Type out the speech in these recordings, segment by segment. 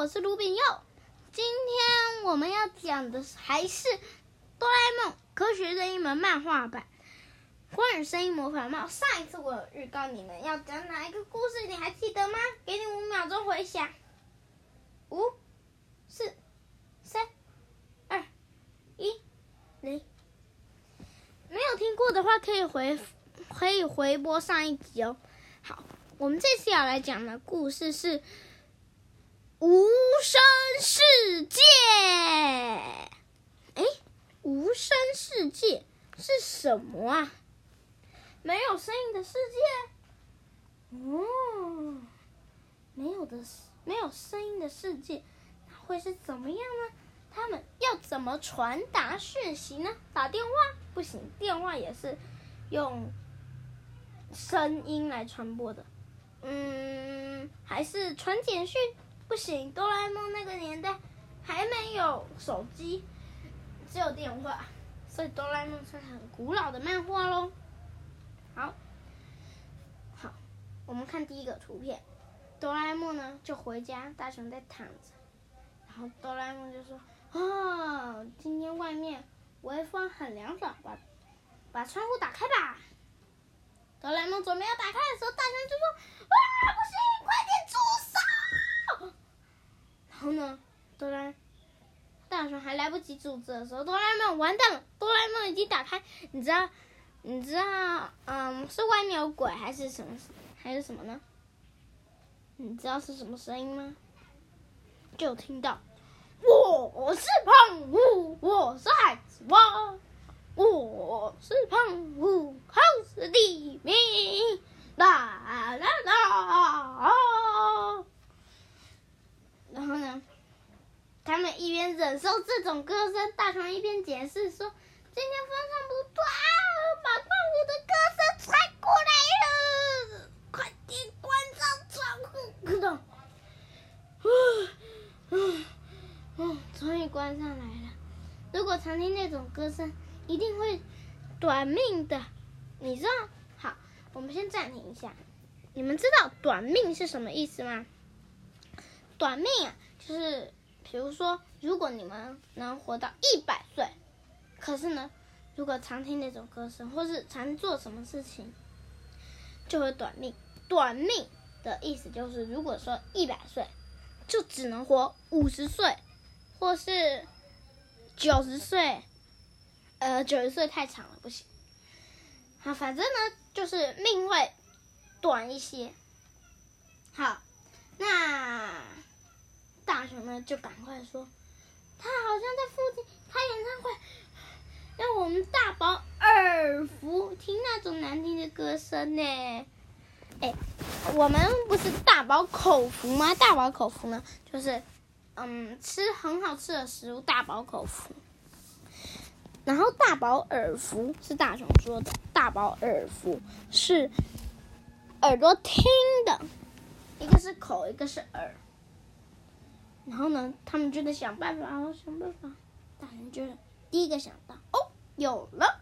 我是盧炳佑，今天我們要講的還是《哆啦 A 夢科學任意門》漫畫版《光與聲音魔法帽》。上一次我有預告你們要講哪一個故事，你還記得嗎？給你五秒鐘回想，五、四、三、二、一、零。沒有聽過的話，可以回可以回播上一集哦。好，我們這次要來講的故事是。無聲世界，哎，無聲世界是什麼啊？沒有聲音的世界？哦，沒有的，沒有聲音的世界會是怎麼樣呢？他們要怎麼傳達訊息呢？打電話不行，電話也是用聲音來傳播的。嗯，還是傳簡訊？不行，哆啦 A 夢那個年代還沒有手機，只有電話，所以哆啦 A 夢算是很古老的漫畫咯。好，好，我們看第一個圖片，哆啦 A 夢呢就回家，大雄在躺着，然後哆啦 A 夢就說：“哦，今天外面微風很涼爽，把把窗戶打開吧。”哆啦 A 夢準備要打開的時候。還來不及組織的時候，哆啦 A 夢完蛋了！哆啦 A 夢已經打開，你知道，你知道，嗯，是外面有鬼還是什麼，還是什麼呢？你知道是什麼聲音嗎？就聽到，我是胖虎，我是孩子，我我是胖虎，我是李明。一邊解釋說：“今天風聲不斷，啊，把伴舞的歌聲傳過來了，快點關上窗戶！”知道？嗯嗯嗯，哦，終於關上來了。如果常聽那種歌聲，一定會短命的，你知道？好，我們先暫停一下。你們知道‘短命’是什麼意思嗎？短命啊，就是……比如說，如果你們能活到一百歲，可是呢，如果常聽那種歌聲，或是常做什麼事情，就會短命。短命的意思就是，如果說一百歲，就只能活五十歲，或是九十歲。呃，九十歲太長了，不行。啊，反正呢，就是命會短一些。好，那。大雄呢，就趕快說，他好像在附近開演唱會，讓我們大飽耳福聽那種難聽的歌聲呢。哎，我們不是大飽口福嗎？大飽口福呢，就是嗯，吃很好吃的食物，大飽口福。然後大飽耳福是大雄說的，大飽耳福是耳朵聽的，一個是口，一個是耳。然後呢，他們就在想辦法，想辦法。大人就是第一個想到，哦，有了。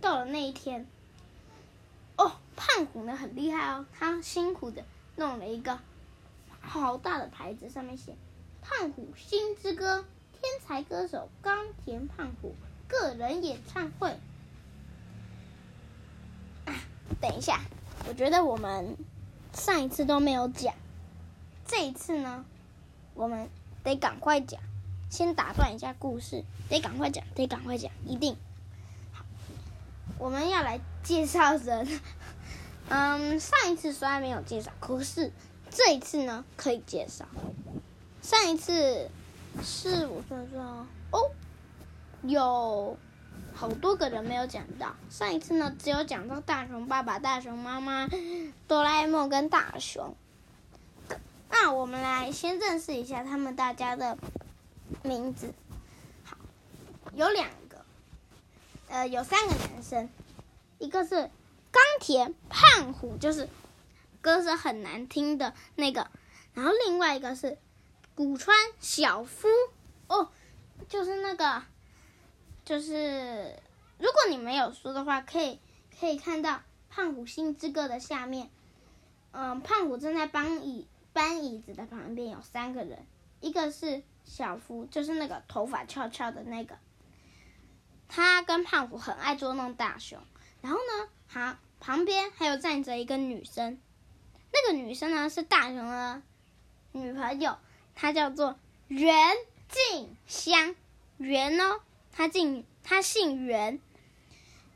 到了那一天，哦，胖虎呢很厲害哦，他辛苦的弄了一個好大的牌子，上面寫“胖虎新之歌天才歌手剛田胖虎個人演唱會”。啊，等一下，我覺得我們上一次都沒有講。這一次呢，我們得趕快講，先打斷一下故事，得趕快講，得趕快講，一定。好，我們要來介紹人，嗯，上一次雖然沒有介紹，可是這一次呢可以介紹。上一次是我算一算哦，有好多個人沒有講到，上一次呢只有講到大雄爸爸、大雄媽媽、哆啦 A 夢跟大雄。那我們來先認識一下他們大家的名字。好，有兩個，呃，有三個男生，一個是剛田胖虎，就是歌聲很難聽的那個，然後另外一個是骨川小夫，哦，就是那個，就是如果你沒有書的話，可以可以看到胖虎新之歌的下面，嗯、呃，胖虎正在幫你。搬椅子的旁邊有三個人，一個是小夫，就是那個頭髮翹翹的那個。他跟胖虎很愛捉弄大雄。然後呢，旁旁邊還有站着一個女生，那個女生呢是大雄的女朋友，她叫做袁靜香，袁哦，她靜，她姓袁。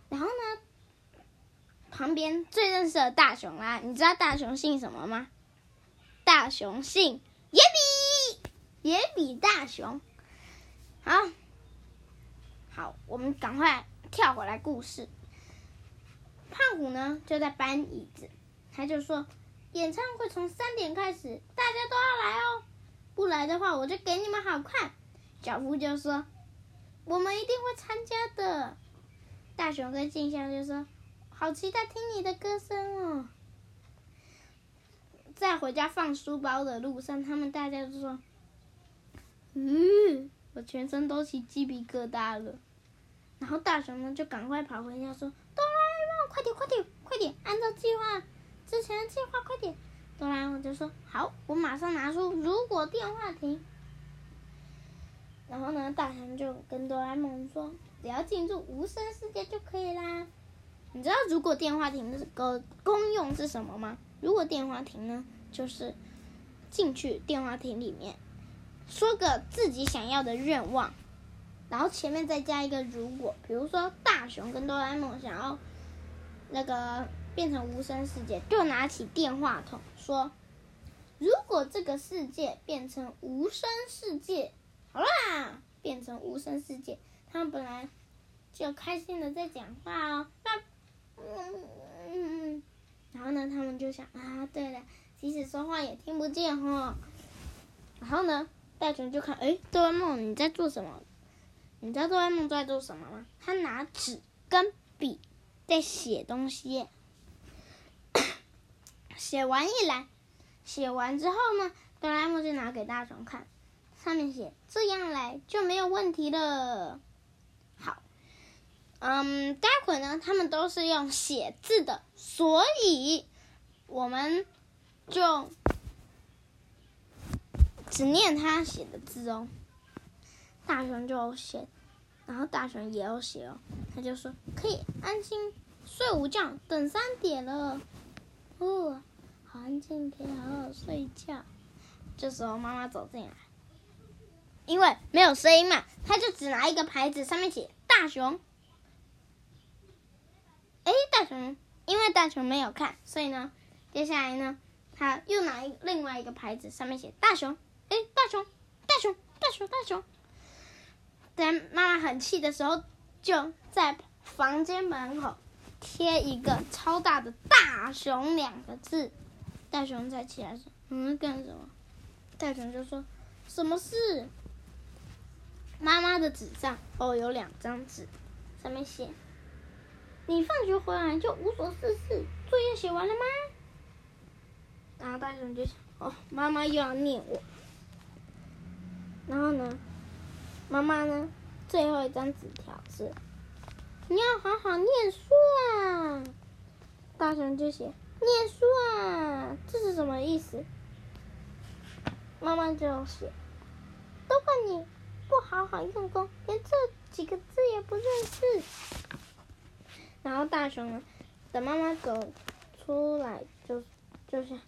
然後呢，旁邊最認識的大雄啦，你知道大雄姓什麼嗎？大雄，姓大雄，性也比也比大雄好，好，我們趕快跳回來故事。胖虎呢就在搬椅子，他就說：“演唱會從三點開始，大家都要來哦，不來的話我就給你們好看。”小夫就說：“我們一定會參加的。”大雄跟靜香就說：“好期待聽你的歌聲哦。”在回家放書包的路上，他們大家就說：“嗯，我全身都起雞皮疙瘩了。”然後大雄呢就趕快跑回家說：“哆啦 A 夢，快點，快點，快點，按照計劃之前的計劃，快點！”哆啦 A 夢就說：“好，我馬上拿出如果電話亭。”然後呢，大雄就跟哆啦 A 夢說：“只要進入無聲世界就可以啦。”你知道如果電話亭的這個功用是什麼嗎？如果電話亭呢，就是進去電話亭裡面，說個自己想要的願望，然後前面再加一個如果，比如說大雄跟哆啦 A 夢想要那個變成無聲世界，就拿起電話筒說：“如果這個世界變成無聲世界，好啦，變成無聲世界，他們本來就開心的在講話哦。”那，嗯。然後呢，他們就想啊，對了，即使說話也聽不見哈。然後呢，大雄就看，哎，哆啦 A 夢你在做什麼？你知道哆啦 A 夢在做什麼嗎？他拿紙跟筆在寫東西， 寫完一欄，寫完之後呢，哆啦 A 夢就拿給大雄看，上面寫這樣來就沒有問題了。嗯，待會、um, 呢，他們都是用寫字的，所以，我們就只念他寫的字哦。大雄就寫，然後大雄也要寫哦，他就說可以安心睡午覺，等三點了，哦，好安靜，可以好好睡覺。這時候媽媽走進來，因為沒有聲音嘛，他就只拿一個牌子，上面寫大雄。哎，大雄，因為大雄沒有看，所以呢，接下來呢，他又拿一另外一個牌子，上面寫“大雄”。哎，大雄，大雄，大雄，大雄。在媽媽很氣的時候，就在房間門口貼一個超大的“大雄”兩個字。大雄在起來說：“嗯，幹什麼？”大雄就說：“什麼事？”媽媽的紙上哦，有兩張紙，上面寫。你放學回來就無所事事，作業寫完了嗎？然後大雄就想，哦，媽媽又要念我。然後呢，媽媽呢，最後一張紙條是，你要好好念書啊。大雄就寫，念書啊，這是什麼意思？媽媽就要寫，都怪你，不好好用功，連這幾個字也不認識。然後大雄呢，等媽媽走出來就，就就想，啊、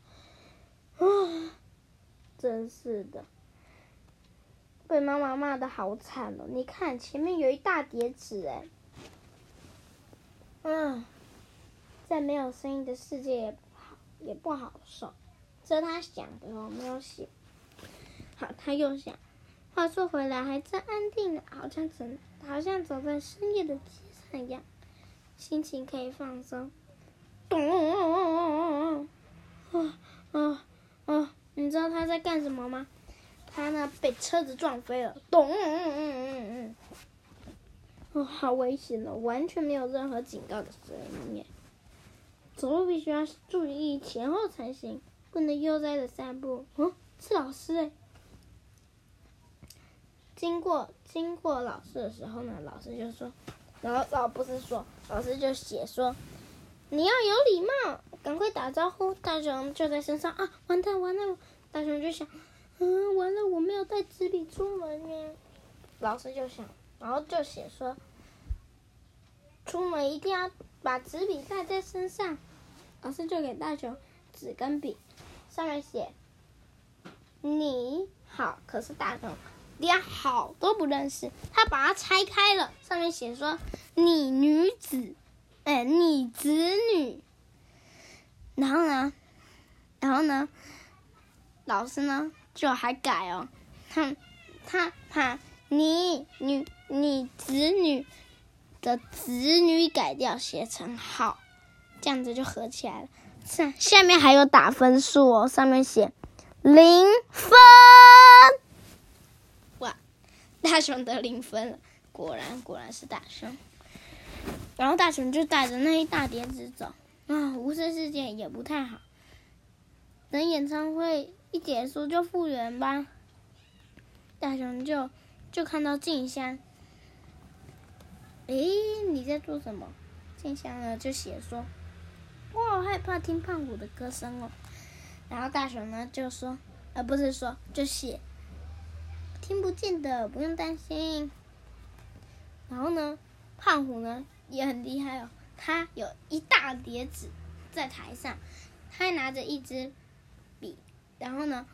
哦，真是的，被媽媽罵的好慘了、哦。你看前面有一大疊紙，哎、啊、嗯、在沒有聲音的世界也不好，也不好受。這是他想的、哦，我沒有寫。好，他又想，話說回來，還真安靜，好像走，好像走在深夜的街上一樣。心情可以放鬆。咚，啊啊啊！你知道他在幹什麼嗎？他呢，被車子撞飛了。咚，哦，好危險了、哦，完全沒有任何警告的聲音。走路必須要注意前後才行，不能悠哉的散步。哦，是老師耶。經過經過老師的時候呢，老師就說。然後老師說，老師就寫說，你要有禮貌，趕快打招呼。大雄就在身上啊，完蛋完蛋，大雄就想，嗯，完了，我沒有帶紙筆出門呀。老師就想，然後就寫說，出門一定要把紙筆帶在身上。老師就給大雄紙跟筆，上面寫，你好，可是大雄。連好都不認識，他把它拆開了，上面寫說“你女子”，哎，“你子女”，然後呢，然後呢，老師呢就還改哦，他他他，你女你，你子女的子女改掉，寫成好，這樣子就合起來了。上下面還有打分數哦，上面寫零分。大雄得零分了，果然果然是大雄。然後大雄就帶着那一大疊紙走，啊、哦，無聲世界也不太好。等演唱會一結束就復原吧。大雄就就看到靜香，誒，你在做什麼？靜香呢就寫說，我好害怕聽胖虎的歌聲哦。然後大雄呢就說，呃，不是說就寫。聽不見的不用擔心。然後呢，胖虎呢也很厲害哦，他有一大疊紙在台上，他還拿着一支筆。然後呢，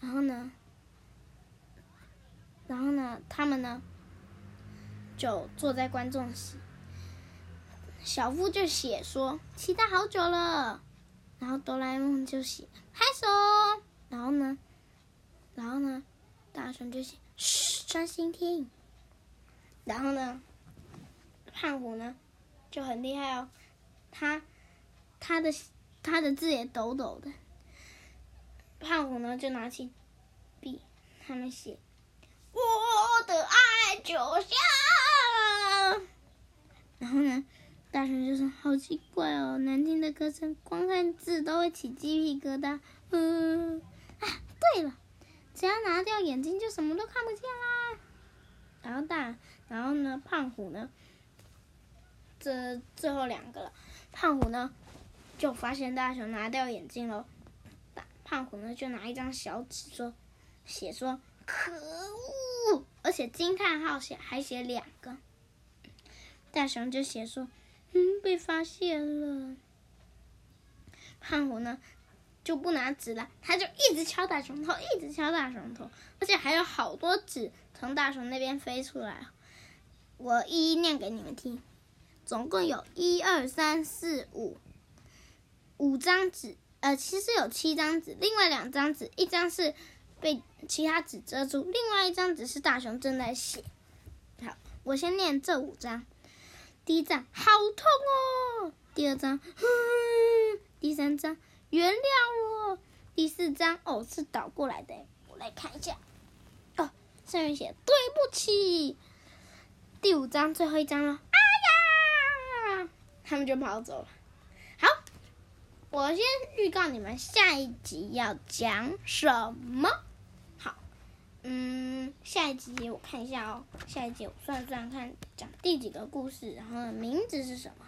然後呢，然後呢，他們呢就坐在觀眾席。小夫就寫說期待好久了。然後哆啦 A 夢就寫拍手，然後呢，然後呢。大雄就寫，噓，專心聽，然後呢，胖虎呢就很厲害哦，他他的他的字也抖抖的。胖虎呢就拿起筆，他們寫我的愛就像，然後呢，大雄就說好奇怪哦，難聽的歌聲，光看字都會起雞皮疙瘩。嗯，啊，對了。只要拿掉眼鏡就什麼都看不見啦。然後大，然後呢，胖虎呢，這最後兩個了。胖虎呢，就發現大雄拿掉眼鏡嘍。大胖虎呢，就拿一張小紙說寫說，可惡！而且驚嘆號寫還寫兩個。大雄就寫說，嗯，被發現了。胖虎呢，就不拿紙了，他就一直敲大熊頭，一直敲大熊頭，而且還有好多紙從大熊那邊飛出來。我一一念給你們聽，總共有一二三四五五張紙，呃，其實有七張紙，另外兩張紙，一張是被其他紙遮住，另外一張紙是大熊正在寫。好，我先念這五張，第一張好痛哦，第二張，呵呵，第三張。原諒我、哦。第四章哦，是倒過來的，我來看一下。哦，上面寫對不起。第五章最後一章了，哎呀，他們就跑走了。好，我先預告你們下一集要講什麼。好，嗯，下一集我看一下哦，下一集我算算看講第幾個故事，然後名字是什麼？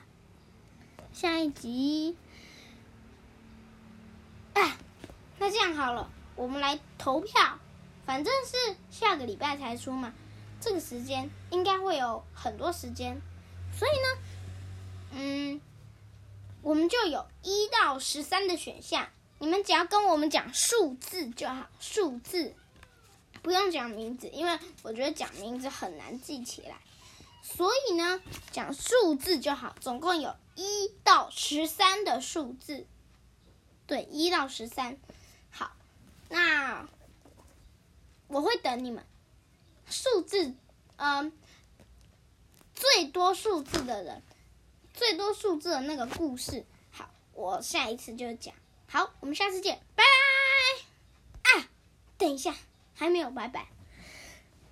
下一集。哎，那這樣好了，我們來投票。反正是下個禮拜才出嘛，這個時間應該會有很多時間，所以呢，嗯，我們就有一到十三的選項。你們只要跟我們講數字就好，數字，不用講名字，因為我覺得講名字很難記起來。所以呢，講數字就好，總共有一到十三的數字。對，一到十三，好，那我會等你們。數字，嗯、呃，最多數字的人，最多數字的那個故事，好，我下一次就講。好，我們下次見，拜拜。啊，等一下，還沒有拜拜，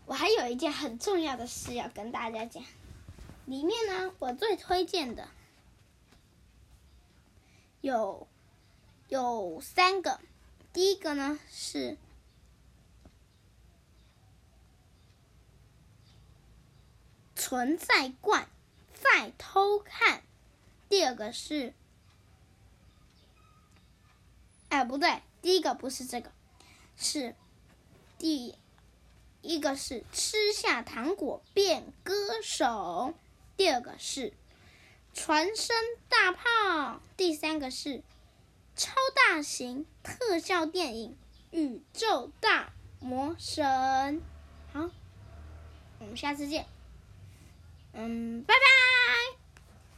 我還有一件很重要的事要跟大家講。裡面呢，我最推薦的有，有三個，第一個呢是存在罐在偷看，第二個是，哎，不對，第一個不是這個，是第一個是吃下糖果變歌手，第二個是傳聲大炮，第三個是。超大型特效電影《宇宙大魔神》。好，我們下次見。嗯，拜拜。